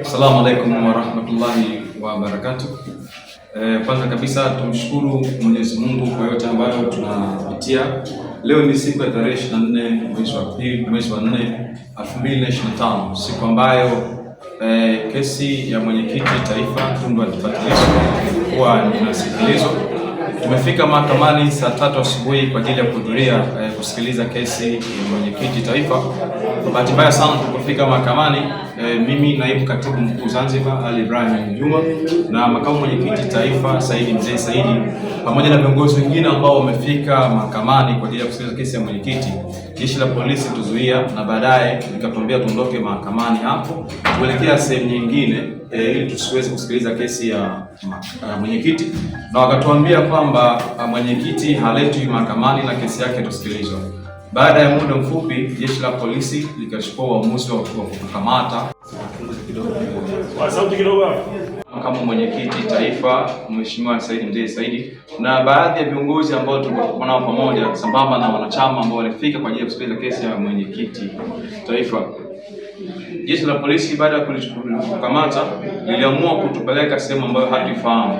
Assalamu alaikum warahmatullahi wabarakatuh. Eh, kwanza kabisa tumshukuru Mwenyezi Mungu kwa yote ambayo tunapitia. Leo ni siku ya tarehe 24 mwezi wa pili, mwezi wa 4 2025, siku ambayo eh, kesi ya mwenyekiti taifa Tundu Antipas Lissu ilikuwa inasikilizwa. Tumefika mahakamani saa tatu asubuhi kwa ajili ya kuhudhuria eh, kusikiliza kesi ya mwenyekiti taifa. Kwa Bahati mbaya sana tulipofika mahakamani eh, mimi naibu katibu mkuu Zanzibar Ali Ibrahim Juma na makamu mwenyekiti taifa Saidi Mzee Saidi pamoja na viongozi wengine ambao wamefika mahakamani kwa ajili ya kusikiliza kesi ya mwenyekiti, jeshi la polisi tuzuia na baadaye nikatuambia tuondoke mahakamani hapo kuelekea sehemu nyingine eh, ili tusiweze kusikiliza kesi ya eh, mwenyekiti na wakatuambia kwa kwamba ah, mwenyekiti haletwi mahakamani na kesi yake tusikilizwa. Baada ya muda mfupi, jeshi la polisi likachukua uamuzi wa kukamata makamu mwenyekiti taifa Mheshimiwa Said Mzee Saidi na baadhi ya viongozi ambao tulikuwa nao pamoja sambamba na wanachama ambao walifika kwa ajili ya kusikiliza kesi ya mwenyekiti taifa. Jeshi la polisi baada ya kulikamata liliamua kutupeleka sehemu ambayo hatuifahamu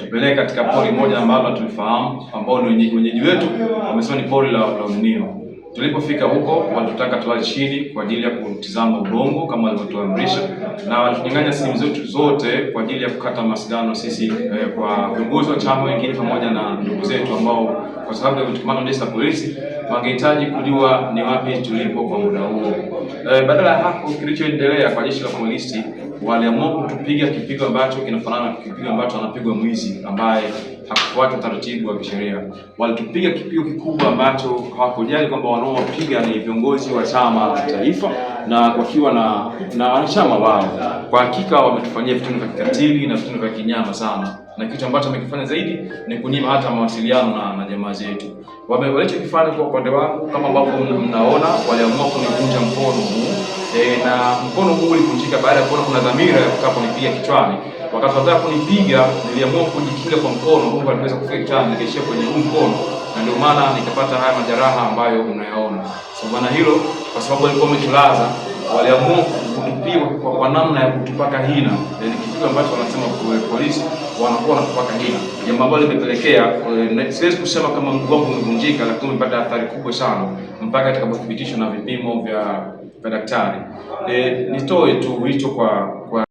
tupeleke katika pori moja ambalo tulifahamu ambao ni wenyeji wetu wamesema ni pori la, la Tulipofika huko walitutaka tulale chini kwa ajili ya kutizama udongo kama walivyotuamrisha, na walitunyang'anya simu zetu zote kwa ajili ya kukata mawasiliano sisi eh, kwa viongozi wa chama wengine pamoja na ndugu zetu ambao kwa sababu ya mshikamano na polisi wangehitaji kujua ni wapi tulipo kwa muda huo. Eh, badala ya hapo kilichoendelea kwa jeshi la polisi waliamua kutupiga kipigo ambacho kinafanana na kipigo ambacho anapigwa mwizi ambaye hakufuata taratibu wa kisheria. Walitupiga kipigo kikubwa ambacho hawakujali kwamba wanaowapiga ni viongozi wa chama la taifa na wakiwa na na wanachama wao. Kwa hakika wametufanyia vitendo vya kikatili na vitendo vya kinyama sana na kitu ambacho amekifanya zaidi ni kunyima hata mawasiliano na, na jamaa zetu. Walichokifanya kwa upande wangu kama ambavyo mnaona, waliamua kunivunja mkono huu e, na mkono huu ulivunjika baada ya kuona kuna dhamira ya kutaka kunipiga kichwani. Wakati wataka kunipiga, niliamua kujikinga kwa mkono huu, aliweza kufika kichwani, nikaishia kwenye huu mkono na ndio maana nikapata haya majeraha ambayo unayaona. Sambana hilo, kwa sababu alikuwa amejilaza waliamua kutupiwa kwa, kwa namna ya kutupaka hina, ni yaani kitu ambacho wanasema polisi wanakuwa wanatupaka hina, jambo ambalo limepelekea eh, siwezi kusema kama mguu wangu umevunjika, lakini umepata athari kubwa sana mpaka itakapothibitishwa na vipimo vya daktari. Eh, nitoe tu wito kwa, kwa